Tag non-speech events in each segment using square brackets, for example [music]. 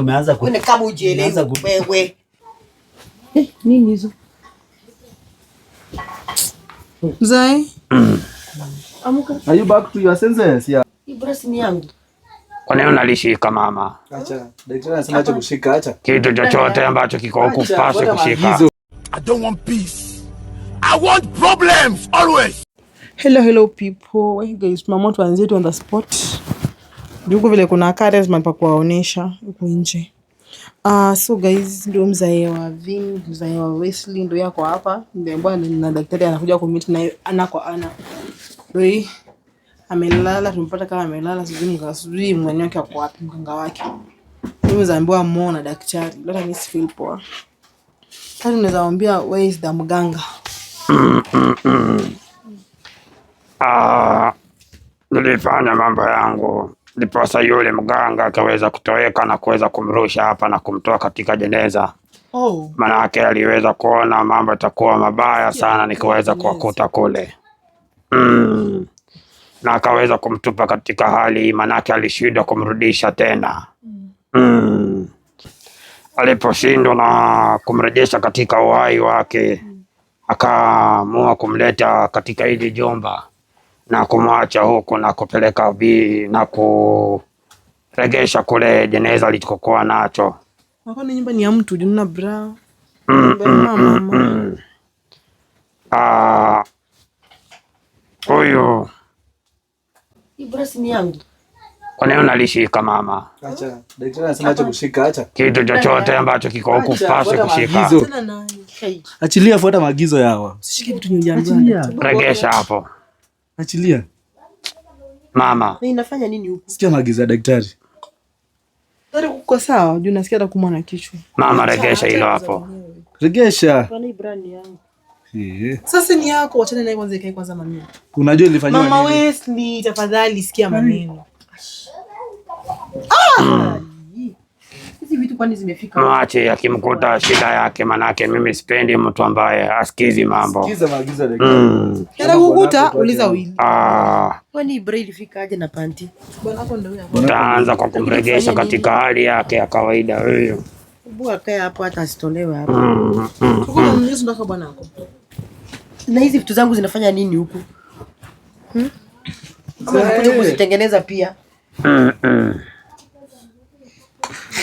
Umeanza ku... Kama ujielewi wewe. Eh, nini hizo? Mzai? [clears throat] Amuka. Are you back to your senses? Yeah. Hii brush ni yangu. Kwa nini unalishika mama? Acha. Daktari anasema acha kushika, acha. Kitu chochote ambacho kiko huko pasi kushika. I don't want peace. I want problems always. Hello, hello people. Hey guys, mama tuanze tu on the spot. Juku vile kuna charisma pa kuwaonesha huku nje. Uh, so guys, ndio mzae wa Vin, mzae wa Wesley ndio yako hapa. Ndio bwana na daktari anakuja ku meet naye ana kwa ana. Wei. amelala, tumpata kama amelala, sijui mganga, sijui mganga wake ako wapi, mganga wake. Mimi zaambiwa muone daktari. Leo mimi si feel poa. Sasa unaweza mwambia where is the mganga? [clears throat] Ah, nilifanya mambo yangu ndiposa yule mganga akaweza kutoweka na kuweza kumrusha hapa na kumtoa katika jeneza. Oh. Manake aliweza kuona mambo yatakuwa mabaya sana nikiweza kuwakuta kule mm. Na akaweza kumtupa katika hali, manake alishindwa kumrudisha tena mm. mm. Aliposhindwa na kumrejesha katika uhai wake, mm. akaamua kumleta katika hili jumba na kumwacha huku na kupeleka vi na kuregesha kule jeneza litukokuwa nacho. Wakani nyumba ni ya mtu juna bra. Mm, mm, mm, mm, Ah. Huyu. Ibrasi ni yangu. Kwa nini unalishika mama? Acha. Daktari anasema acha kushika, acha. Kitu chochote ambacho kiko huku pasi kushika. Achilia, fuata maagizo yao. Usishike vitu nyingi. Regesha hapo. Achilia mama. Na Inafanya nini huko? Sikia maagizo ya daktari. Daktari uko sawa? Juu nasikia hata kumwa na kichwa. Mama, regesha hilo hapo. Regesha. Kwani brand yangu. Yeah. Sasa ni yako, wachana naye kwanza ikae kwanza mami. Unajua ilifanywa nini? Mama Wesley, tafadhali sikia maneno. Ah! ah! vitu kwani zimefika? Mwache akimkuta shida yake, manake mimi sipendi mtu ambaye asikizi mambo. Sikiza maagizo ya mm. daktari. Kana kukuta uliza wili. Ah. Kwani Braille fika aje na panti? Bwana wako ndio yako. Utaanza kwa kumrejesha katika hali yake ya kawaida huyo. Bwana akae hapo hata asitolewe hapo. Mm. Huko mwenyezi ndaka bwana wako. Na hizi vitu zangu zinafanya nini huku? Hmm? Kama kuja kuzitengeneza pia. Mm. -mm.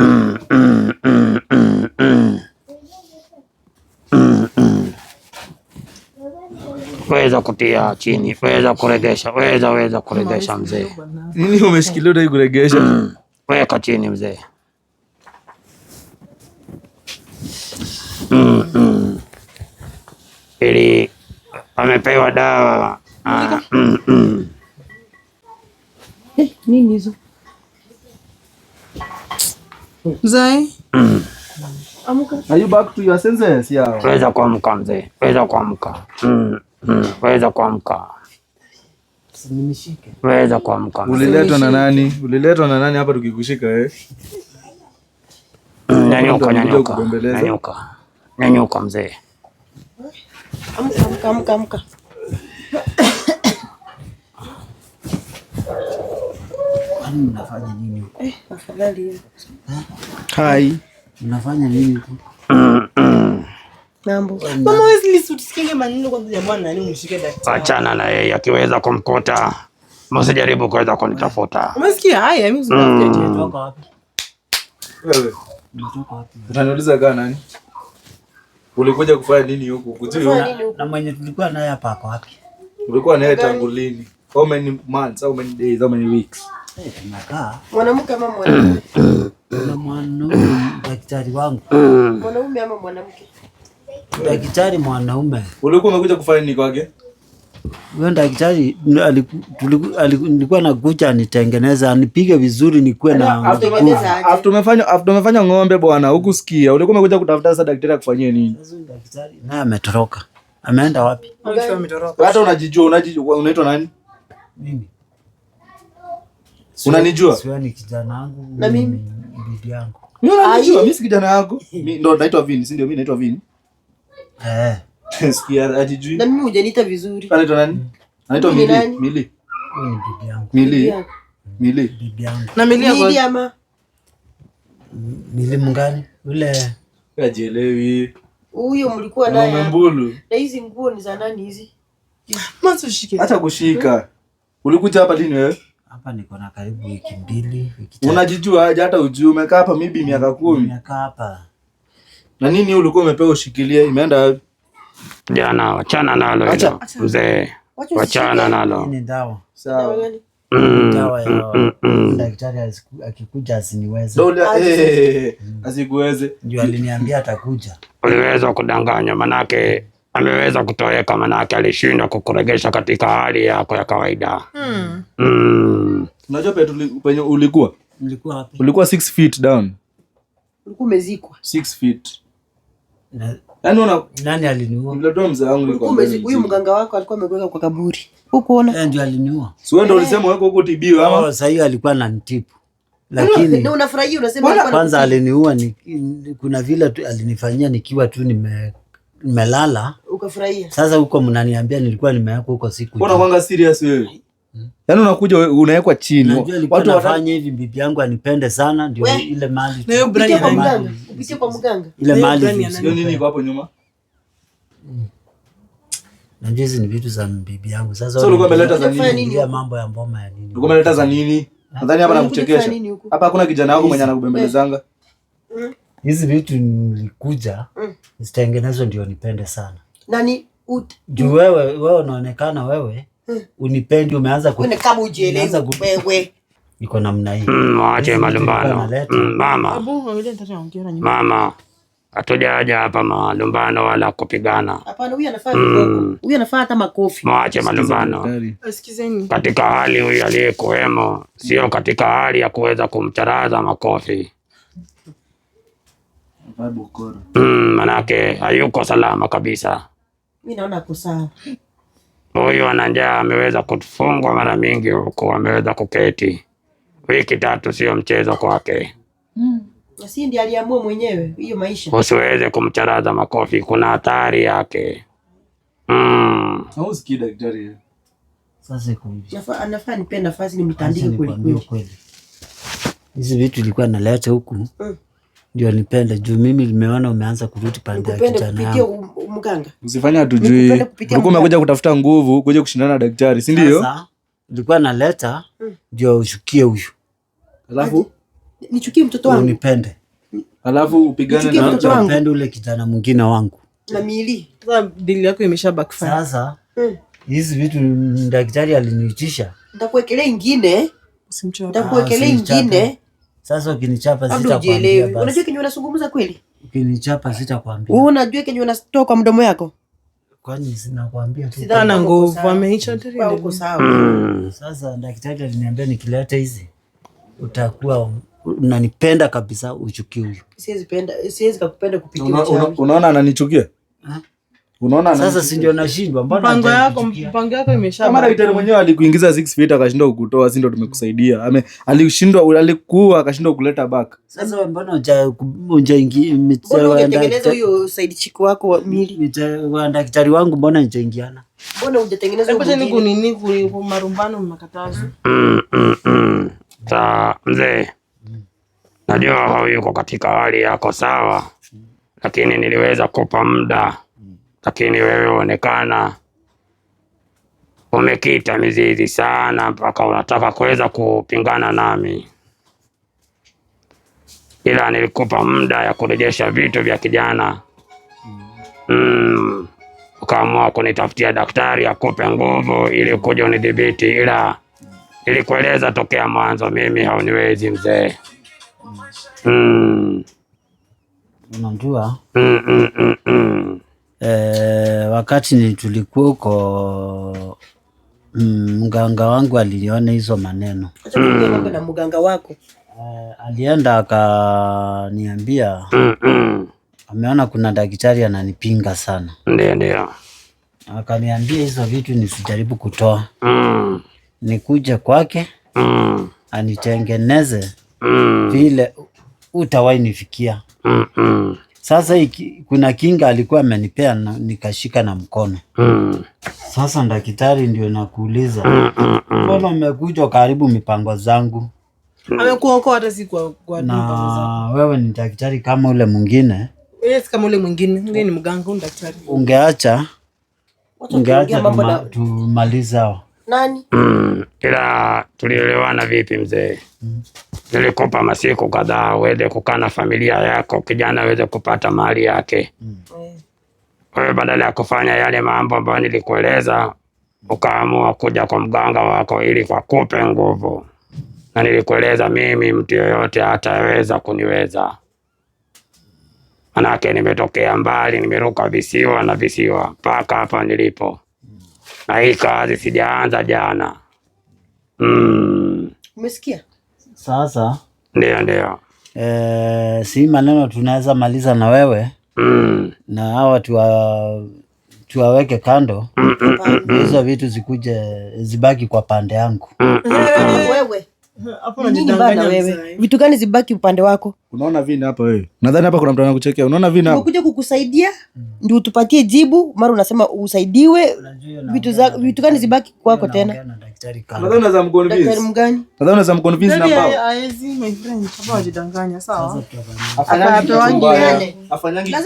[clears throat] Weza kutia chini, weza kuregesha, weza weza kuregesha mzee. Nini umeshikilia dai kuregesha? Mm. Weka chini mzee. Mm, mm. Ili amepewa dawa. Ah, eh, nini hizo? Mzee, are you back to your senses? Yeah. Weza kuamka mzee, weza kuamka. Mm, mm, weza kuamka. Usinishike. Weza kuamka. Uliletwa na nani? Uliletwa na nani hapa tukikushika eh? Nyanyuka, nyanyuka. Nyanyuka. Nyanyuka mzee. Amka, amka, amka. Lakini mnafanya nini huko? Eh, afadhali. Hai. Mnafanya nini huko? Mambo. Mama Wesley usisikenge maneno kwanza ya bwana nani unishike daktari. Achana na yeye akiweza kumkota. Msijaribu kuweza kunitafuta. Umesikia haya yaani mimi usinitafutie kutoka mm. wapi? Wewe. Unatoka wapi? Utaniuliza kaa nani? Ulikuja kufanya nini huko? Kujua na mwenye tulikuwa naye hapa kwa wapi? Ulikuwa naye tangu lini? How many months, how many days, how many weeks? Mwanamke ama mwanaume? Daktari wangu. Mwanaume ama mwanamke? Daktari mwanaume. Ulikuwa umekuja kufanya nini kwake? Huyo daktari nilikuwa nitengeneza, nipige vizuri, nikuwe na nguvu. ng'ombe bwana, huku ulikuwa umekuja kutafuta sasa daktari akufanyie nini? naye ametoroka. Ameenda wapi? Hata unajijua unaitwa nani? Mimi. Unanijua? Siwani kijana wangu. Na mimi bibi yangu. Mimi unanijua, mimi si kijana Mimi [laughs] ndo naitwa si ndio mimi naitwa Eh. [laughs] Sikia ajijui. Na mimi hujaniita vizuri. Anaitwa nani? Anaitwa Mili. Mili. bibi yangu. Mili. Mili. Bibi yangu. Na Mili Mili ama. Mili mungani? Ule. Huyo mlikuwa naye. Na mbulu. Na hizi nguo ni za nani hizi? Mwanzo shike. kushika. Ulikuja hapa lini wewe? Hapa niko na karibu wiki mbili. Unajijua aje hata ujui umekaa hapa mibi miaka kumi. Nimekaa hapa. Na nini ulikuwa umepewa ushikilie imeenda wapi? Jana wachana nalo hilo. Mzee. Wachana nalo. Ni dawa. Sawa. Dawa mm, ya mm, mm, daktari akikuja asiniweze. Eh, eh, eh, asikuweze. Ndio aliniambia atakuja. Uliweza kudanganywa manake ameweza kutoweka, manake alishindwa kukuregesha katika hali yako ya kawaida. Hmm. Hmm. Unajua penye ulikuwa ulikuwa wapi? Ulikuwa feet down, ulikuwa umezikwa feet. Yaani una nani aliniua? mzee wangu ulikuwa umezikwa. Huyu mganga wako alikuwa amekuweka kwa kaburi, Yeye aliniua. Si wewe ndio eh. ulisema wako huko ama? Oh, sasa hiyo alikuwa lakini unafurahia, unasema kwanza aliniua ni, kuna vile alinifanyia nikiwa tu nime nimelala ukafurahia. Sasa huko mnaniambia nilikuwa nimewekwa huko siku hiyo. Unakwanga serious wewe? Hmm. Yaani unakuja unawekwa chini. Watu wanafanya hivi, bibi yangu anipende sana ndio ile mali. Na hiyo brani ya mganga. Upitie kwa mganga. Ile mali. Ndio nini iko hapo nyuma? Na hizi ni vitu za bibi yangu. Sasa wewe ulikuwa umeleta za nini? Ile mambo ya mboma ya nini? Ulikuwa umeleta za nini? Nadhani hapa namchekesha. Hapa hakuna kijana wangu mwenye anakubembelezanga. Hmm? hizi vitu nilikuja mm. zitengenezwe ndio nipende sana nani juu mm. wewe wewe unaonekana wewe mm. unipendi umeanza ku kama ujielewe wewe [laughs] iko namna hii mm, mwache malumbano mm, mama abu ah, nyuma mama hatujaja hapa malumbano wala kupigana hapana huyu anafaa mm. huyu anafaa hata makofi mwache malumbano eh, katika hali huyu aliyekuwemo sio katika hali ya kuweza kumcharaza makofi Mm, manake hayuko salama kabisa. Mimi naona uko sawa. Huyu ana njaa, ameweza kufungwa mara mingi huko, ameweza kuketi wiki tatu, sio mchezo kwake. Mm. Si ndiye aliamua mwenyewe hiyo maisha. Usiweze kumcharaza makofi, kuna hatari yake. Mm. Hausikii daktari. Eh? Sasa anafaa nipe nafasi nimtandike kweli kweli. Hizi vitu ilikuwa naleta huku. Mm ndio alipenda juu mimi nimeona umeanza kurudi pande ya kijana yangu. Usifanye atujui. ulikuwa umekuja kutafuta nguvu kuja kushindana na daktari, si ndio? ulikuwa naleta mm. ndio ushukie huyu, alafu nichukie mtoto wangu unipende, alafu upigane na mtoto wangu upende ule kijana mwingine wangu na mili. Sasa dili yako imesha backfire sasa. Mm. Hizi vitu daktari aliniitisha, nitakuwekelea ingine, usimchoke, nitakuwekelea ah, ingine sasa ukinichapa sitakwambia basi. Unajua kenye unazungumza kweli? Ukinichapa sitakwambia. Wewe unajua kenye unatoa kwa mdomo yako? Kwani sinakwambia tu. Sidhana nguvu ameisha tena. Uko sawa. [clears throat] Sasa daktari aliniambia nikilete hizi utakuwa unanipenda kabisa uchukie huyo. Siwezi penda, siwezi kukupenda kupitia. Unaona ananichukia? Unaona sasa, si ndio nashindwa. Mbona mpango yako mpango yako imesha, mwenyewe alikuingiza feet akashindwa kukutoa, si ndio? Tumekusaidia ame alishindwa, alikuwa akashindwa kuleta back. Sasa mbona unja unja side chick wako mili wangu, mbona Mbona ni kuni ni kuni marumbano mzee, najua yuko katika hali yako sawa, lakini niliweza kupa muda lakini wewe uonekana umekita mizizi sana mpaka unataka kuweza kupingana nami, ila nilikupa muda ya kurejesha vitu vya kijana mm, ukaamua kunitafutia daktari akupe nguvu ili kuja unidhibiti, ila nilikueleza tokea mwanzo mimi hauniwezi mzee. Mm. Unajua mm -mm -mm -mm. E, wakati tulikuwa huko mm, mganga wangu aliona hizo maneno na mm. mganga wako e, alienda akaniambia mm, ameona kuna daktari ananipinga sana, ndio ndio akaniambia hizo vitu nisijaribu kutoa mm. nikuje kwake anitengeneze vile utawainifikia sasa iki, kuna kinga alikuwa amenipea nikashika na mkono mm. Sasa daktari ndio nakuuliza mbona mm, mm, mm, karibu mipango zangu mm. Amekuokoa hata si kwa, kwa na wewe ni daktari kama ule mwingine yes, kama ule mwingine ndiye ni mganga daktari, ungeacha ungeacha tumaliza nani? Mm, ila tulielewana vipi mzee? mm zilikupa masiku kadhaa uweze kukaa na familia yako, kijana aweze kupata mali yake mm. wewe mm. badala ya kufanya yale mambo ambayo nilikueleza ukaamua kuja kwa mganga wako ili kwakupe nguvu, na nilikueleza mimi mtu yoyote ataweza kuniweza, manake nimetokea mbali, nimeruka visiwa na visiwa mpaka hapa nilipo, na hii kazi sijaanza jana mm. Umesikia? Sasa ndio ndio, e, si maneno tunaweza maliza na wewe mm. na hawa tuwa, tuwaweke kando mm, mm, mm, mm. hizo vitu zikuje zibaki kwa pande yangu mm, mm, mm. wewe vitu gani zibaki upande wako? Unaona vini hapa wewe, nadhani hapa kuna mtu anakuchekea. Unaona vini hapa, kuja kukusaidia mm. ndio utupatie jibu, mara unasema usaidiwe. Vitu za vitu gani zibaki kwako tena? Na daktari kama. Nadhani unaweza mconvince. Daktari mgani? Nadhani unaweza mconvince na mbao. Haezi my friend, sawa? Afanyangi afanyangi Na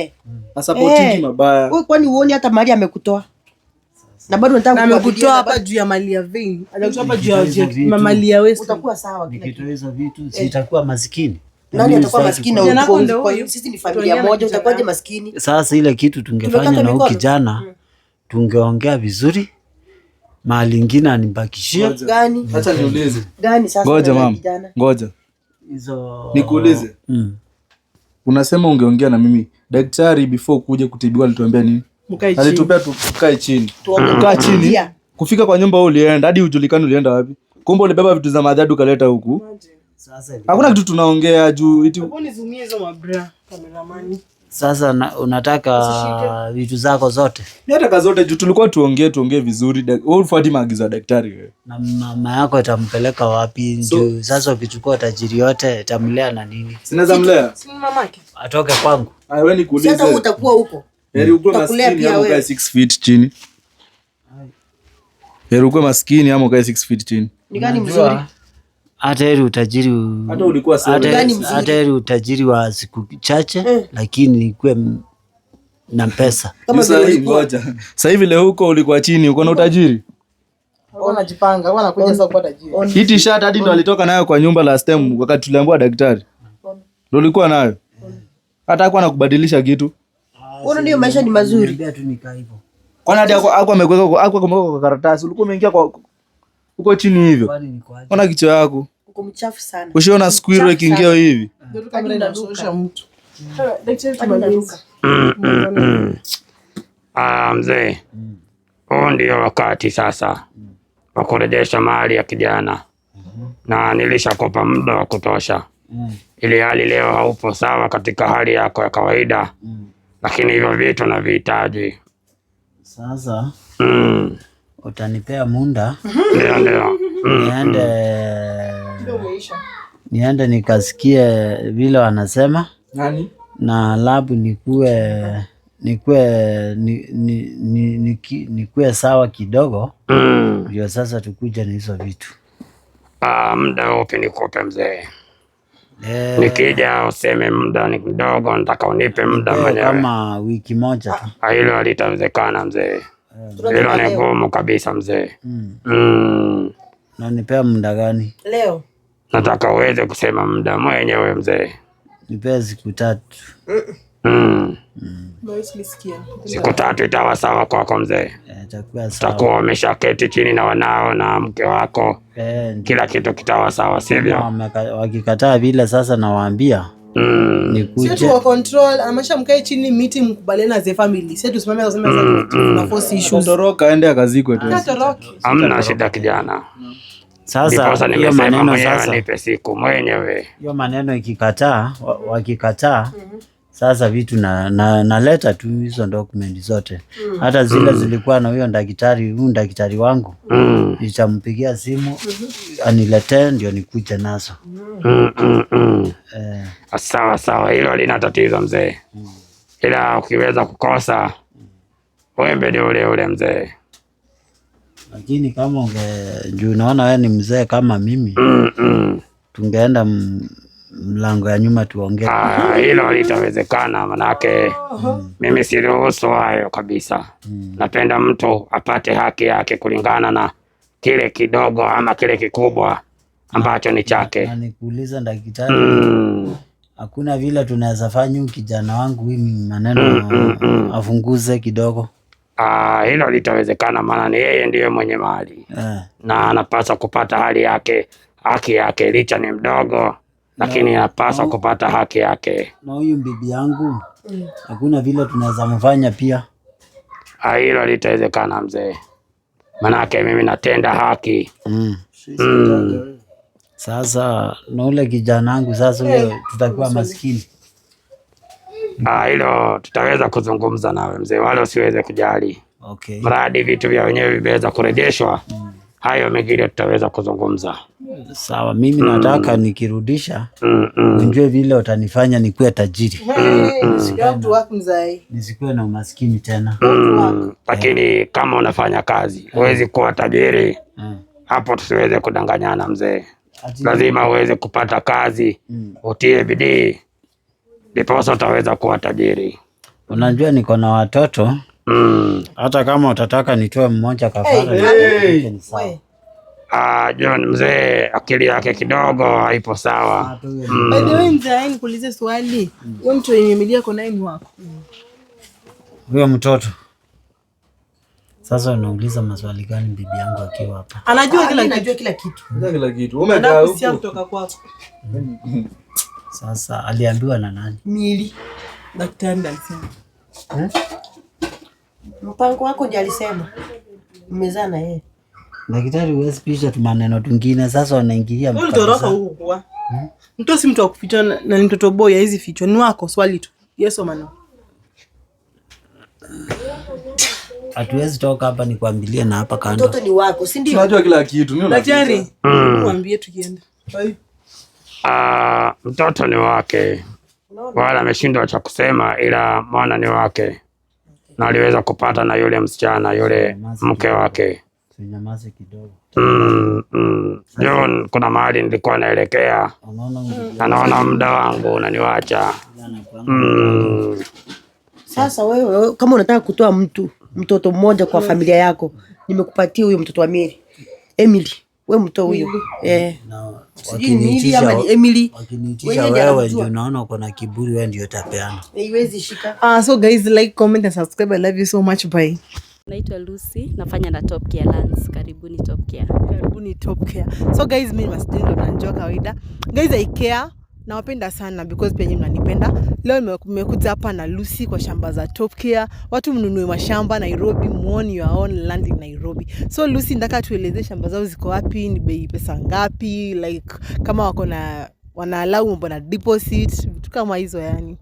eh. mabaya. Wewe kwani uone hata amekutoa? Na bado nataka amekutoa hapa juu ya mali ya vein. Anakutoa hapa juu ya ya Utakuwa sawa vitu, eh. sitakuwa maskini. Nani atakuwa maskini? Kwa hiyo sisi ni familia moja, utakuwaje maskini? Sasa ile kitu tungefanya na huyu kijana mm. tungeongea vizuri mahali ingine anibakishia. Acha niulize. sasa? Ngoja mama, ngoja hizo nikuulize. Mm. Unasema ungeongea na mimi daktari, before kuja kutibiwa alituambia nini? Alitupea tukae chini, tukaa chini. Kufika kwa nyumba ulienda hadi ujulikani ulienda wapi? Kumbe ulibeba vitu za madhadu kaleta huku. Hakuna kitu tunaongea juu iti sasa na, unataka vitu zako zote nataka zote juu tulikuwa tuongee tuongee vizuri. Wewe ufuati maagizo ya daktari wewe. Na mama yako itampeleka wapi? So, sasa ukichukua tajiri yote itamlea na nini? Sinaweza mlea. Si mama Atoke kwangu. Ai ah, wewe nikuulize. Sasa utakuwa huko. Heri yaani uko yaani maskini ama ukae 6 feet chini. Heri uko maskini ama ukae 6 feet chini. Ni gani mzuri? hata ile utajiri hata ulikuwa hata ile utajiri wa siku chache eh, lakini nikuwe na pesa. kama Sasa hivi Ngoja sasa hivi leo huko ulikuwa chini, uko na utajiri hii t-shirt hadi ndo alitoka nayo kwa nyumba last time wakati tuliambiwa daktari, ndo ulikuwa nayo hata hakuwa nakubadilisha kitu. Ah, ndio maisha ni mazuri, hakuwa amekuweka kwa karatasi, ulikuwa umeingia kwa uko chini hivyo, ona kichwa yako. Ushiona squirrel ikiingia hivi mm. [clears throat] ah, mzee? Mm. Huu ndio wakati sasa mm. wa kurejesha mali ya kijana, mm-hmm. na nilishakopa muda wa kutosha, ili hali leo haupo sawa katika hali yako ya kawaida, lakini hivyo vitu navihitaji sasa. mm utanipea muda niende niende nikasikie vile wanasema nani? na labu nikue nikue nikue sawa kidogo mm. ndio, mm. Sasa tukuja na hizo vitu ah, muda upi nikupe mzee? Eh, nikija useme muda ni mdogo, nataka unipe muda mwenyewe kama wiki moja. Ah, hilo halitawezekana mzee. Hilo ni ngumu kabisa mzee. Mm. Mm. Na nipea muda gani? Leo. Nataka uweze kusema muda mwenyewe mzee. Nipea siku tatu. Mm. Mm. Siku tatu itawa sawa kwako mzee? Eh, Utakuwa umesha keti chini na wanao na mke wako. eh, kila kitu kitawa sawa sivyo? Wakikataa vile sasa nawaambia Mm. wa control amesha mkae chini miti mkubaliana ze family. tusimame sasa mm, tuna mm. force issues. Toroka aende akazikwe tu. Hamna shida kijana. Sasa hiyo maneno sasa nipe siku mwenyewe. Hiyo maneno ikikataa wakikataa mm -hmm. Sasa vitu na, na, naleta tu hizo dokumenti zote mm. hata zile mm. zilikuwa na huyo daktari huyu daktari wangu mm. nitampigia simu mm-hmm. aniletee ndio nikuje nazo mm. Mm, mm, mm, Eh. Sawa sawa, hilo lina tatizo mzee mm. ila ukiweza kukosa wembe ni ule ule mzee, lakini kama unge juu naona wewe ni mzee kama mimi mm, mm. tungeenda mlango ya nyuma tuongee. Ah, hilo litawezekana, manake mm. mimi siruhusu hayo kabisa mm. napenda mtu apate haki yake kulingana na kile kidogo ama kile kikubwa ambacho ni chake. Na nikuuliza daktari, hmm. hakuna vile tunaweza fanya kijana wangu mimi maneno mm, mm, mm. afunguze kidogo? Ah, hilo litawezekana, maana ni yeye ndiye mwenye mali yeah. na anapaswa kupata hali yake haki yake licha ni mdogo lakini napaswa kupata haki yake. Na huyu bibi yangu mm. hakuna vile tunaweza mfanya pia. Ah, hilo litawezekana mzee, manake mimi natenda haki mm. Mm. Sasa na ule kijana wangu sasa, huyo eh, tutakuwa maskini. Ah, hilo tutaweza kuzungumza nawe mzee, wala usiweze kujali okay. Mradi vitu vya wenyewe vimeweza kurejeshwa mm. Hayo mengine tutaweza kuzungumza sawa, mimi nataka mm. nikirudisha mm -mm. njue vile utanifanya nikuwe tajiri mm, mm. nisikuwe na umaskini tena mm. Lakini kama unafanya kazi huwezi kuwa tajiri eh. Hapo tusiweze kudanganyana mzee, lazima uweze kupata kazi mm. utie bidii, ndiposa utaweza kuwa tajiri. Unajua niko na watoto mm. hata kama utataka nitoe mmoja kafara hey, hey. Ah, John mzee akili yake kidogo haipo sawa. Ah, mm. By the way mzee, nikuulize swali. Wewe mtu wenye milia yako naye ni wako. Huyo mtoto. Sasa unauliza maswali gani bibi yangu akiwa hapa? Anajua ah, kila kitu. Anajua kila kitu. Anajua kila kitu. Umekaa huko. Sio kutoka kwako. Sasa aliambiwa na nani? Mili. Daktari alisema. Eh? Mpango wako ndiye alisema. Mmezaa na yeye. Daktari, huwezi pisha tu maneno tungine, sasa wanaingilia mtoroka huu kwa. Mtu si mtu wa kufichwa na ni mtoto boy, hizi fichwa ni wako swali tu. Yes au no? Hatuwezi toka hapa nikwambilie na hapa kando. Mtoto ni wako, si ndio? Unajua kila kitu. Mimi daktari, mwambie hmm. tukienda. Ah, mtoto ni wake. Wala ameshindwa cha kusema ila mwana ni wake. Na aliweza kupata na yule msichana yule mke wake. Usinyamaze kidogo. Mm, mm. John, kuna mahali nilikuwa naelekea, anaona muda wangu unaniwacha. Mm. Sasa wewe kama unataka kutoa mtu mtoto mmoja kwa familia yako, nimekupatia huyo mtoto wa Mary Emily, we mtoa huyo eh, naona uko na kiburi, wewe ndio utapeana. Ah, so guys, like, comment and subscribe. I love you so much. Bye. Naitwa Lucy, nafanya na Top Care Lands. Karibuni Top Care. Karibuni Top Care. So guys, mimi masitendo na njoo kawaida. Guys, I care. Nawapenda sana because penye mnanipenda. Leo nimekuja hapa na Lucy kwa shamba za Top Care. Watu mnunue mashamba Nairobi, muone your own land in Nairobi. So Lucy, ndaka tueleze shamba zao ziko wapi, ni bei pesa ngapi, like kama wako na wanaalau mambo na deposit, vitu kama hizo yani.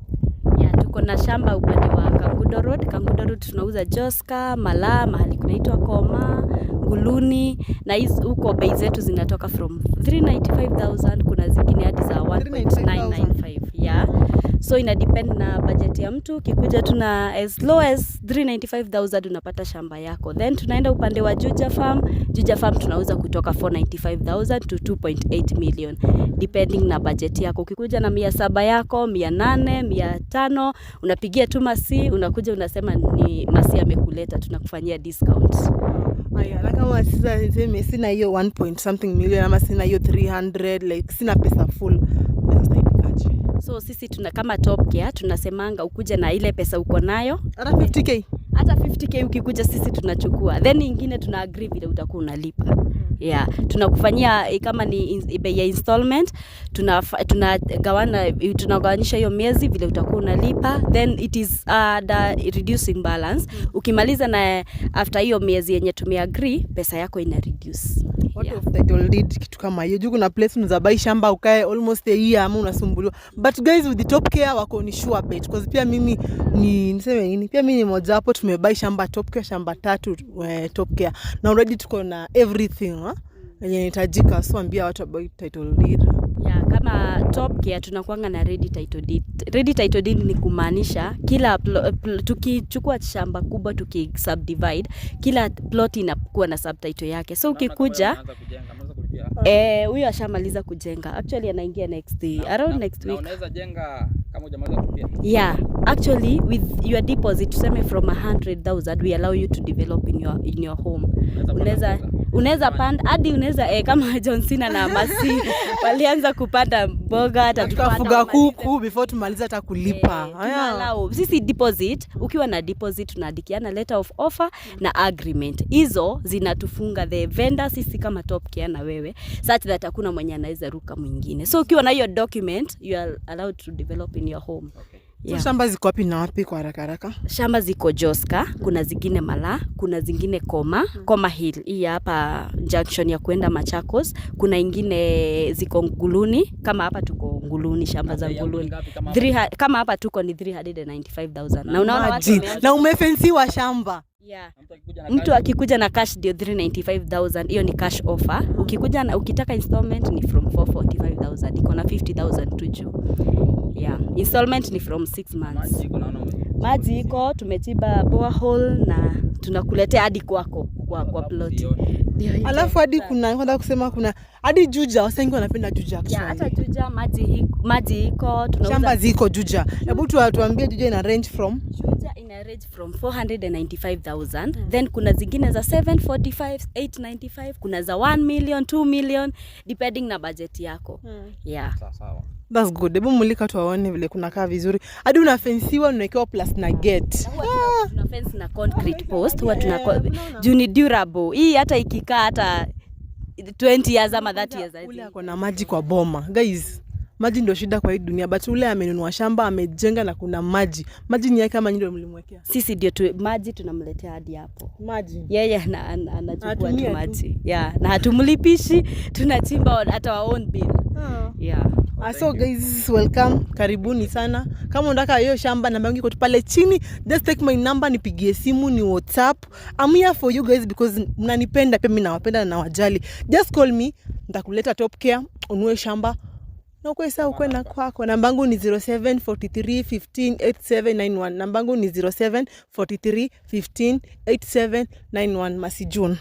Yeah, tuko na shamba upande wa Kangudo Road. Kangudo Road tunauza Joska, Malaa, mahali kunaitwa Koma, Guluni na huko bei zetu zinatoka from 395,000 kuna zingine hadi za 1.995 yeah. So ina depend na budget ya mtu. Ukikuja tuna as low as 395000 unapata shamba yako, then tunaenda upande wa Juja Farm. Juja Farm tunauza kutoka 495000 to 2.8 million depending na budget yako. Ukikuja na mia saba yako mia nane mia tano unapigia tu Masi, unakuja unasema ni Masi amekuleta, tunakufanyia discount. Haya, na kama sasa niseme sina hiyo 1 point something million ama sina hiyo 300 like sina pesa full So sisi tuna kama Top Gear tunasemanga ukuja na ile pesa uko nayo 50k hata 50k ukikuja, sisi tunachukua, then ingine tuna agree vile utakuwa unalipa yeah. Tunakufanyia eh, kama ni eh, bei ya installment, tuna, tunagawana eh, tunagawanisha hiyo miezi vile utakuwa unalipa, then it is uh, the reducing balance. Ukimaliza na after hiyo miezi yenye tumeagree, pesa yako ina reduce What Yeah. Title deed kitu kama hiyo juu kuna place unazabai shamba ukae almost a year ama unasumbuliwa, but guys with the top care wako ni sure bet, because pia mimi ni niseme nini, pia mimi ni moja wapo tumebai shamba Top shamba tatu eh, Top na already tuko na everything ah, yenye inahitajika, so ambia watu about title deed ya kama Top tunakuanga na ready title deed. Ready title deed ni kumaanisha kila tukichukua shamba kubwa tuki subdivide, kila plot inakuwa na subtitle yake, so ukikuja Eh, huyu ashamaliza kujenga. Actually anaingia next day. Around na, next week. Unaweza jenga kama hujamaliza kupia. Yeah. Actually with your deposit tuseme from 100,000 we allow you to develop in your in your home. Unaweza unaweza panda hadi unaweza eh, kama [laughs] John Cena na Masi [laughs] walianza kupanda mboga, tukafuga kuku before tumaliza hata kulipa. Eh, sisi deposit, ukiwa na deposit tunaandikiana letter of offer na agreement, hizo zinatufunga the vendor sisi kama Top Care na wewe, such that hakuna mwenye anaweza ruka mwingine. So ukiwa na hiyo document you are allowed to develop in your home okay. Yeah. So shamba ziko wapi na wapi kwa haraka haraka? Shamba ziko Joska, kuna zingine Mala, kuna zingine Koma, hmm. Koma Hill. Hii hapa junction ya kuenda Machakos. Kuna ingine ziko Nguluni, kama hapa tuko Nguluni, shamba za Nguluni. Kama hapa tuko ni 395,000. Na unaona watu na umefensiwa shamba. Yeah. Mtu akikuja na cash ndio 395,000, hiyo ni cash offer. Hmm. Ukikuja na ukitaka installment ni from 445,000. Iko na 50,000 tu juu. Yeah. Installment ni from six months. Maji iko tumechimba borehole na tunakuletea hadi kwako kwa, kwa plot. Alafu hadi kuna nataka kusema kuna hadi Juja, wasa wasengi wanapenda Juja actually. Yeah, hata Juja maji maji iko tunauza. Shamba ziko Juja. Hebu tuambie Juja ina range from Juja ina range from 495,000. Then kuna zingine za 745, 895, kuna za 1 million, 2 million depending na budget yako. Hmm. Yeah. sawa. That's good. Hebu mulika waone vile kuna kaa vizuri. Hadi unafensiwa unawekewa plus na gate. Ah! Tuna fence na concrete post, huwa tuna juu ni durable. Hii hata ikikaa hata 20 years ama 30 years. Ule ako na maji kwa boma. Guys, maji ndio shida kwa hii dunia, but ule amenunua shamba, amejenga na kuna maji. Maji ni yake kama ndio mlimwekea. Sisi ndio tu, maji tunamletea hadi hapo. Maji. Yeye yeah, yeah, anachukua tu maji. Yeah, na hatumlipishi, tunachimba hata our own bill. Ah. Yeah. Ah, so guys welcome, karibuni sana. Kama unataka hiyo shamba, namba yangu iko pale chini, just take my number, nipigie simu, ni WhatsApp. I'm here for you guys because mnanipenda pia, mimi nawapenda na nawajali. Just call me, nitakuleta Top Care, unue shamba na ukwe sawa, na kwako. Namba yangu ni 0743158791. Namba yangu ni 0743158791 Masijun.